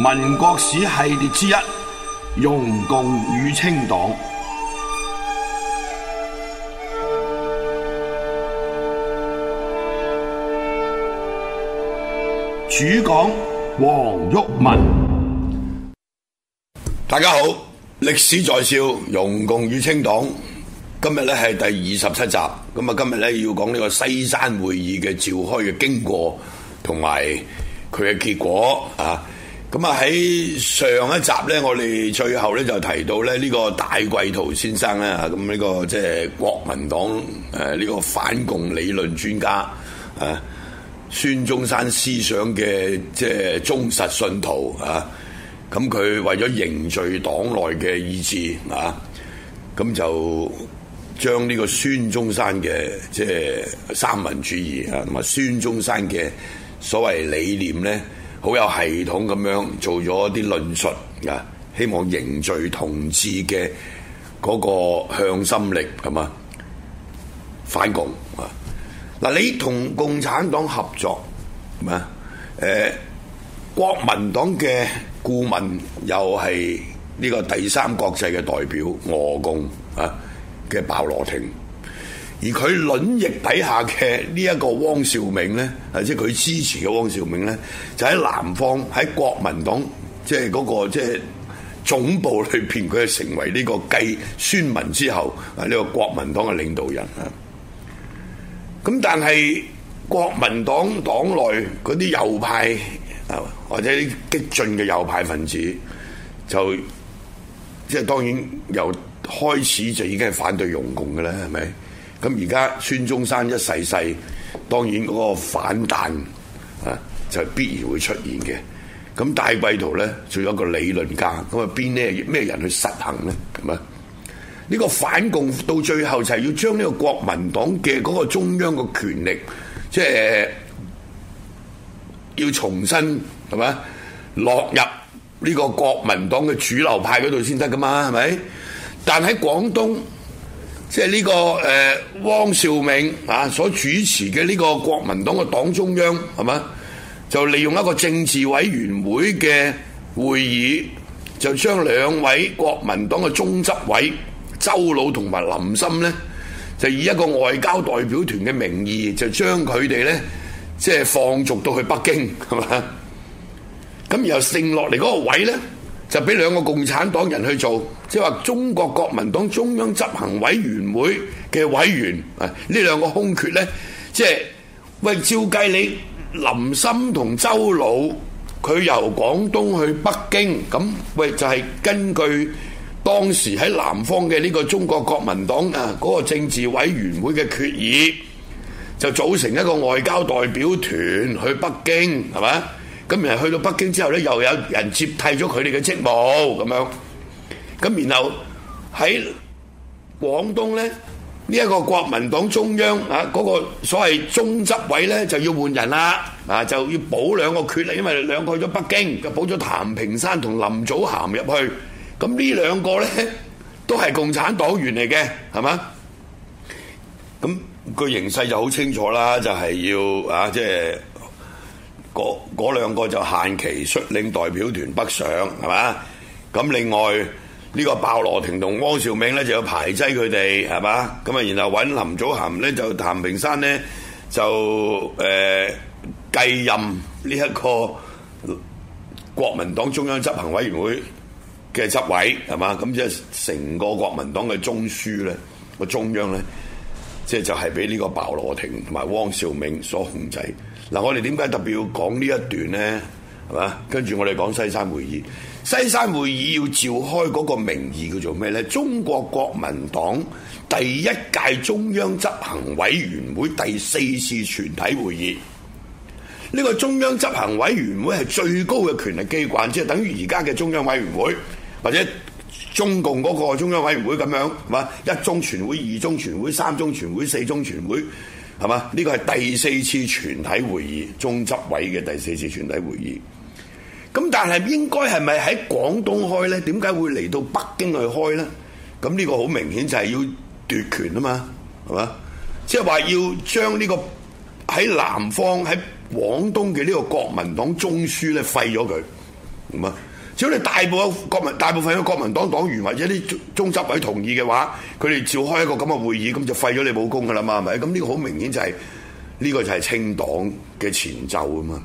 民國史系列之一《容共與清黨》，主講黃毓民。大家好，歷史在笑《容共與清黨》，今日咧係第二十七集。咁啊，今日咧要講呢個西山會議嘅召開嘅經過，同埋佢嘅結果啊。咁啊！喺上一集咧，我哋最後咧就提到咧呢個戴季陶先生咧，咁、這、呢個即係國民黨誒呢個反共理論專家啊，孫中山思想嘅即係忠實信徒啊，咁佢為咗凝聚黨內嘅意志啊，咁就將呢個孫中山嘅即係三民主義啊，同埋孫中山嘅所謂理念咧。好有系統咁樣做咗啲論述啊，希望凝聚同志嘅嗰個向心力，係嘛反共啊！嗱，你同共產黨合作，係嘛？誒，國民黨嘅顧問又係呢個第三國際嘅代表俄共啊嘅鮑羅廷。而佢卵翼底下嘅呢一個汪兆銘咧，啊，即係佢支持嘅汪兆銘咧，就喺南方喺國民黨即係嗰個即係、就是、總部裏邊，佢係成為呢個繼孫文之後啊呢、這個國民黨嘅領導人啊。咁但係國民黨黨內嗰啲右派啊，或者激進嘅右派分子，就即係、就是、當然由開始就已經係反對容共嘅啦，係咪？咁而家孫中山一逝世，當然嗰個反彈啊，就必然會出現嘅。咁大貴圖咧，仲有一個理論家，咁啊邊咧咩人去實行咧？咁啊，呢、這個反共到最後就係要將呢個國民黨嘅嗰個中央嘅權力，即、就、係、是、要重新係咪落入呢個國民黨嘅主流派嗰度先得噶嘛？係咪？但喺廣東。即係呢個誒汪兆銘啊所主持嘅呢個國民黨嘅黨中央係嘛，就利用一個政治委員會嘅會議，就將兩位國民黨嘅中執委周老同埋林森咧，就以一個外交代表團嘅名義，就將佢哋咧即係放逐到去北京係嘛，咁然後剩落嚟嗰個位咧，就俾兩個共產黨人去做。即係話中國國民黨中央執行委員會嘅委員啊，呢兩個空缺呢，即係喂，照計你林森同鄒魯，佢由廣東去北京，咁喂就係根據當時喺南方嘅呢個中國國民黨啊嗰個政治委員會嘅決議，就組成一個外交代表團去北京，係嘛？咁然後去到北京之後呢，又有人接替咗佢哋嘅職務咁樣。咁然後喺廣東呢，呢一個國民黨中央啊嗰個所謂中執委呢就要換人啦，啊就要補兩個缺啦，因為兩個去咗北京，就補咗譚平山同林祖涵入去。咁呢兩個呢都係共產黨員嚟嘅，係嘛？咁個形勢就好清楚啦，就係要啊，即係嗰嗰兩個就限期率領代表團北上，係嘛？咁另外。呢、這個鮑羅廷同汪兆銘咧就要排擠佢哋係嘛，咁啊，然後揾林祖涵咧就譚平山咧就誒繼、呃、任呢一個國民黨中央執行委員會嘅執委係嘛，咁即係成個國民黨嘅中樞咧個中央咧，即係就係俾呢個鮑羅廷同埋汪兆銘所控制。嗱，我哋點解特別要講呢一段咧係嘛？跟住我哋講西山會議。西山會議要召開嗰個名義叫做咩呢？中國國民黨第一屆中央執行委員會第四次全體會議。呢個中央執行委員會係最高嘅權力機關，即係等於而家嘅中央委員會，或者中共嗰個中央委員會咁樣，係嘛？一中全會、二中全會、三中全會、四中全會，係嘛？呢個係第四次全體會議，中執委嘅第四次全體會議。咁但係應該係咪喺廣東開咧？點解會嚟到北京去開咧？咁呢個好明顯就係要奪權啊嘛，係嘛？即係話要將呢個喺南方喺廣東嘅呢個國民黨中樞咧廢咗佢，咁啊？只要你大部分國民、大部分嘅國民黨黨員或者啲中執委同意嘅話，佢哋召開一個咁嘅會議，咁就廢咗你武功噶啦嘛，係咪？咁呢個好明顯就係、是、呢、呢個就係清黨嘅前奏啊嘛。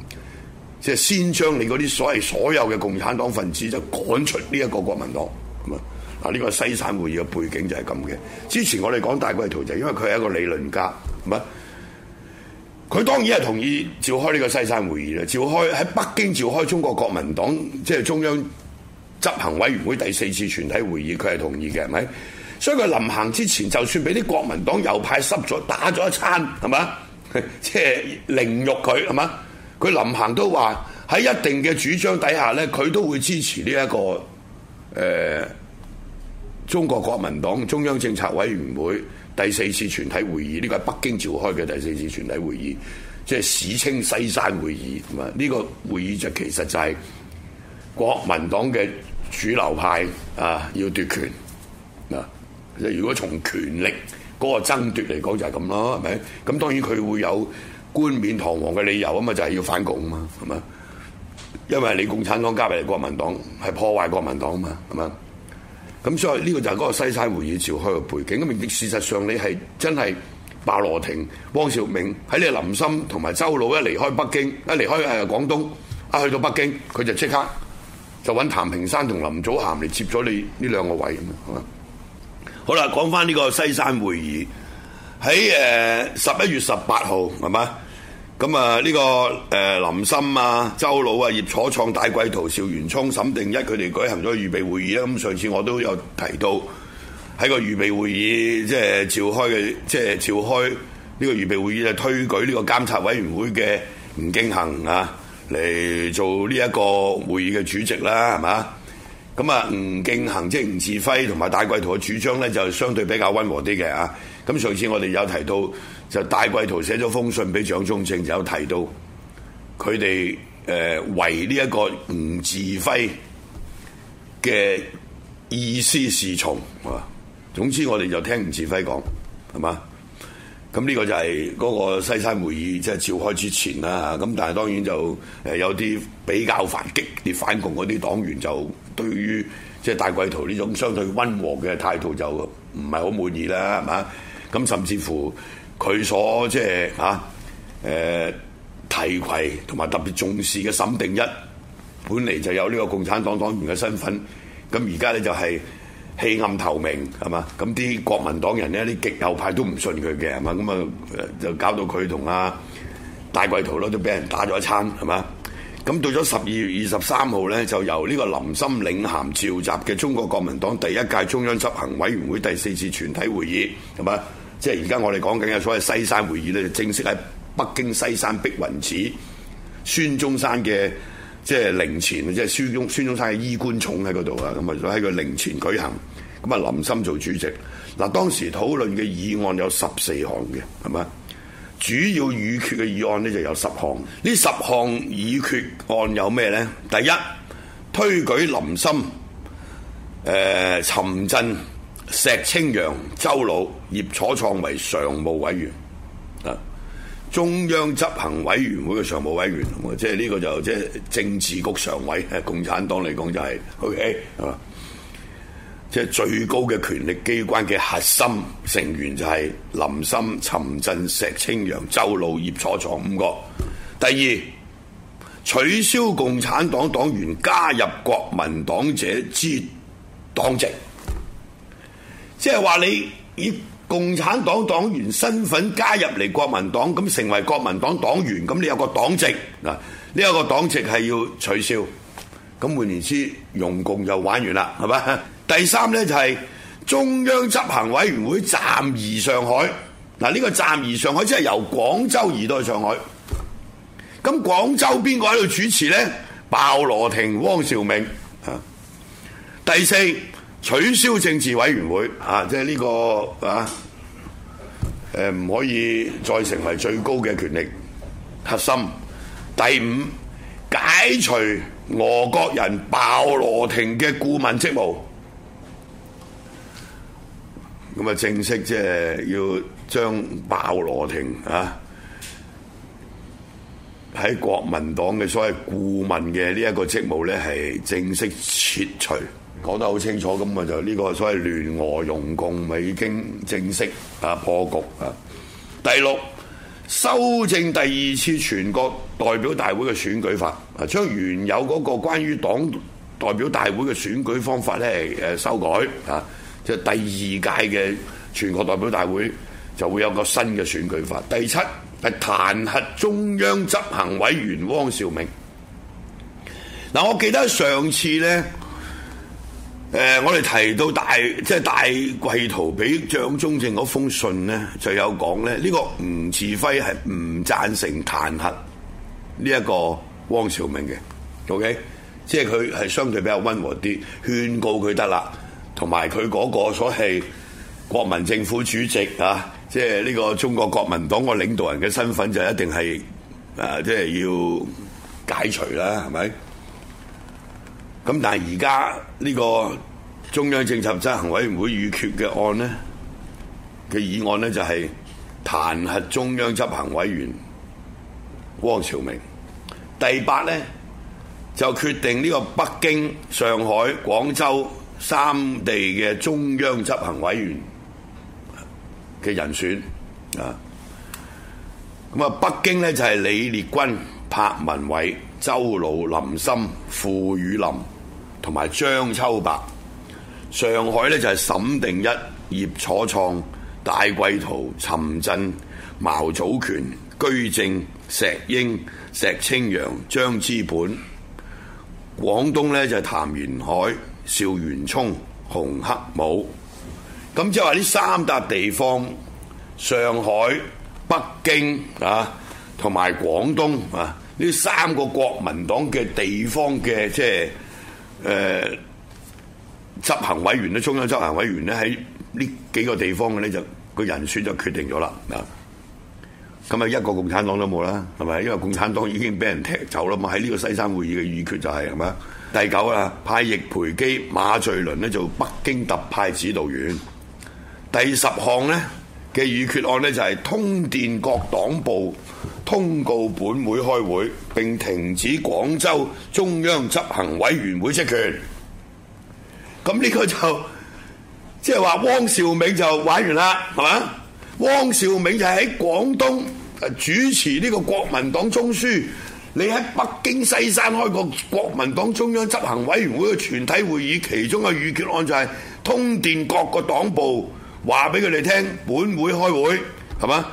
即係先將你嗰啲所謂所有嘅共產黨分子就趕出呢一個國民黨咁啊！啊呢個西山會議嘅背景就係咁嘅。之前我哋講戴季陶就係因為佢係一個理論家，唔啊，佢當然係同意召開呢個西山會議啦。召開喺北京召開中國國民黨即係中央執行委員會第四次全體會議，佢係同意嘅，係咪？所以佢臨行之前，就算俾啲國民黨右派濕咗打咗一餐，係咪？即係凌辱佢，係咪？佢臨行都話喺一定嘅主張底下咧，佢都會支持呢、這、一個誒、呃、中國國民黨中央政策委員會第四次全體會議，呢、這個係北京召開嘅第四次全體會議，即係史稱西山會議。啊，呢個會議就其實就係國民黨嘅主流派啊要奪權嗱。其、啊、實如果從權力嗰、那個爭奪嚟講，就係咁咯，係咪？咁當然佢會有。冠冕堂皇嘅理由啊嘛，就係、是、要反共啊嘛，係嘛？因為你共產黨加埋國民黨係破壞國民黨啊嘛，係嘛？咁所以呢個就係嗰個西山會議召開嘅背景。咁而事實上，你係真係鮑羅廷、汪兆銘喺你林森同埋鄒魯一離開北京，一離開誒廣東，一、啊、去到北京，佢就即刻就揾譚平山同林祖涵嚟接咗你呢兩個位咁啊。好啦，講翻呢個西山會議。喺誒十一月十八號係嘛？咁啊呢個誒、呃、林森啊、鄒魯啊、葉楚傖、戴季陶、邵元沖、沈定一，佢哋舉行咗預備會議啊！咁上次我都有提到喺個預備會議，即係召開嘅，即係召開呢個預備會議，就推舉呢個監察委員會嘅吳敬恆啊嚟做呢一個會議嘅主席啦，係嘛？咁啊，吳敬恆，即係吳稚暉，同埋戴季陶嘅主張咧，就是、相對比較温和啲嘅啊。咁上次我哋有提到，就戴季陶寫咗封信俾蔣中正，就有提到佢哋誒為呢一個吳稚暉嘅意思事從啊。總之我哋就聽吳稚暉講係嘛。咁呢個就係嗰個西山會議即係、就是、召開之前啦。咁但係當然就有啲比較反激烈反共嗰啲黨員就對於即、就是、戴季陶呢種相對温和嘅態度就唔係好滿意啦，係嘛？咁甚至乎佢所即係、就是、啊，誒、呃，提携同埋特別重視嘅沈定一，本嚟就有呢個共產黨黨員嘅身份，咁而家咧就係、是、棄暗投明係嘛，咁啲國民黨人咧啲極右派都唔信佢嘅係嘛，咁啊就搞到佢同阿戴季陶咧都俾人打咗一餐係嘛，咁到咗十二月二十三號咧就由呢個林森領銜召集嘅中國國民黨第一屆中央執行委員會第四次全體會議係嘛。即係而家我哋講緊嘅所謂西山會議咧，就正式喺北京西山碧雲寺孫中山嘅即係陵前，即係孫中孫中山嘅衣冠冢喺嗰度啊，咁啊喺個陵前舉行，咁啊林森做主席。嗱，當時討論嘅議案有十四項嘅，係咪？主要議決嘅議案咧就有十項，呢十項議決案有咩咧？第一，推舉林森，誒、呃、陳振。石青陽、鄒魯、葉楚傖為常務委員啊，中央執行委員會嘅常務委員，即係呢個就即、是、係政治局常委。共產黨嚟講就係，OK 啊，即、OK, 係最高嘅權力機關嘅核心成員就係林森、覃振、石青陽、鄒魯、葉楚傖五個。第二，取消共產黨黨員加入國民黨者之黨籍。即係話你以共產黨黨員身份加入嚟國民黨，咁成為國民黨黨員，咁你有個黨籍嗱，呢一個黨籍係、這個、要取消，咁換言之，容共就玩完啦，係嘛？第三咧就係、是、中央執行委員會暫移上海，嗱、這、呢個暫移上海即係由廣州移到去上海，咁廣州邊個喺度主持咧？鮑羅廷、汪兆銘啊，第四。取消政治委員會啊，即係呢個啊，誒、呃、唔可以再成為最高嘅權力核心。第五，解除俄國人鮑羅廷嘅顧問職務。咁啊，正式即係要將鮑羅廷啊喺國民黨嘅所謂顧問嘅呢一個職務咧，係正式撤除。講得好清楚，咁咪就呢個所謂聯俄容共，咪已經正式啊破局啊。第六，修正第二次全國代表大會嘅選舉法，啊，將原有嗰個關於黨代表大會嘅選舉方法咧，誒，修改啊，即係第二屆嘅全國代表大會就會有個新嘅選舉法。第七係彈劾中央執行委員汪兆銘。嗱，我記得上次呢。誒、呃，我哋提到大即係、就是、戴季陶俾蔣中正嗰封信咧，就有講咧，呢、這個吳稚暉係唔贊成彈劾呢一個汪兆銘嘅，OK，即係佢係相對比較温和啲，勸告佢得啦，同埋佢嗰個所謂國民政府主席啊，即係呢個中國國民黨個領導人嘅身份就一定係啊，即係要解除啦，係咪？咁但係而家呢個中央政策執行委員會預決嘅案呢，嘅議案呢，就係彈劾中央執行委員汪兆銘。第八咧就決定呢個北京、上海、廣州三地嘅中央執行委員嘅人選啊。咁啊，北京咧就係李烈鈞、柏文蔚、鄒魯、林森、傅汝霖。同埋張秋白，上海呢，就係沈定一、葉楚創、戴季陶、陳震、茅祖權、居正、石英、石青陽、張之本。廣東呢，就係譚元海、邵元沖、熊克武。咁即係話呢三笪地方，上海、北京啊，同埋廣東啊，呢三個國民黨嘅地方嘅即係。誒、呃、執行委員咧，中央執行委員咧喺呢幾個地方嘅咧就個人選就決定咗啦，嗱，咁啊一個共產黨都冇啦，係咪？因為共產黨已經俾人踢走啦嘛，喺呢個西山會議嘅議決就係係咪？第九啊，派易培基、馬敘倫呢做北京特派指導員。第十項呢嘅議決案呢，就係通電各黨部。通告本會開會，並停止廣州中央執行委員會職權。咁呢個就即係話汪兆銘就玩完啦，係嘛？汪兆銘就喺廣東誒主持呢個國民黨中樞，你喺北京西山開個國民黨中央執行委員會嘅全體會議，其中嘅預決案就係通電各個黨部，話俾佢哋聽本會開會，係嘛？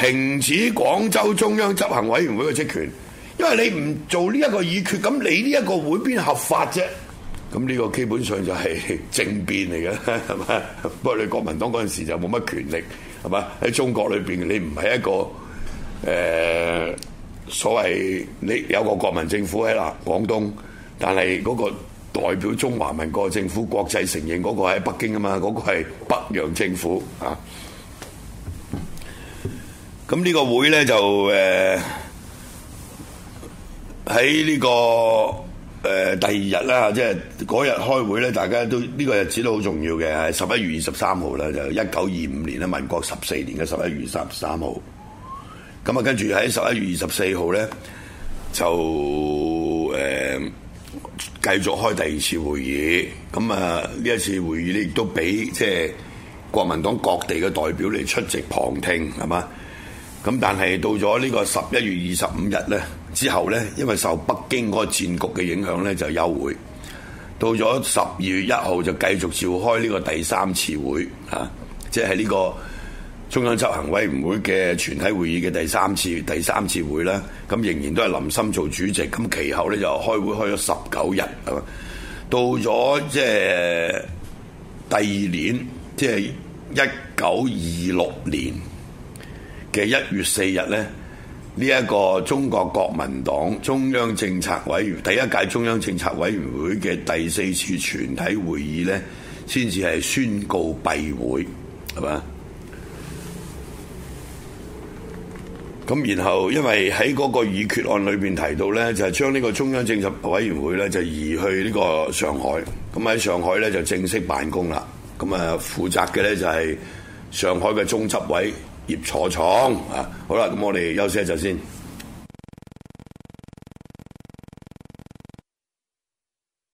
停止廣州中央執行委員會嘅職權，因為你唔做呢一個議決，咁你呢一個會邊合法啫？咁呢個基本上就係政變嚟嘅，係嘛？不過你國民黨嗰陣時就冇乜權力，係嘛？喺中國裏邊，你唔係一個誒、呃、所謂你有個國民政府喺嗱廣東，但係嗰個代表中華民國政府國際承認嗰個喺北京啊嘛，嗰、嗰個係北洋政府啊。咁呢個會咧就誒喺呢個誒、呃、第二日啦，即係嗰日開會咧，大家都呢、這個日子都好重要嘅，十一月二十三號啦，就一九二五年咧，民國十四年嘅十一月二十三號。咁啊，跟住喺十一月二十四號咧，就誒、呃、繼續開第二次會議。咁啊，呢一次會議咧，亦都俾即係國民黨各地嘅代表嚟出席旁聽，係嘛？咁但係到咗呢個十一月二十五日咧之後咧，因為受北京個戰局嘅影響咧，就休會，到咗十二月一號就繼續召開呢個第三次會啊，即係呢個中央執行委員會嘅全體會議嘅第三次，第三次會呢。咁仍然都係林森做主席。咁其後咧就開會開咗十九日係嘛，啊、到咗即係第二年，即係一九二六年。嘅一月四日呢，呢、這、一個中國國民黨中央政策委員第一屆中央政策委員會嘅第四次全體會議呢，先至係宣告閉會，係嘛？咁然後因為喺嗰個議決案裏邊提到呢，就係將呢個中央政策委員會呢，就移去呢個上海，咁喺上海呢，就正式辦公啦。咁啊，負責嘅呢，就係上海嘅中執委。葉楚傖啊！好啦，咁我哋休息一陣先。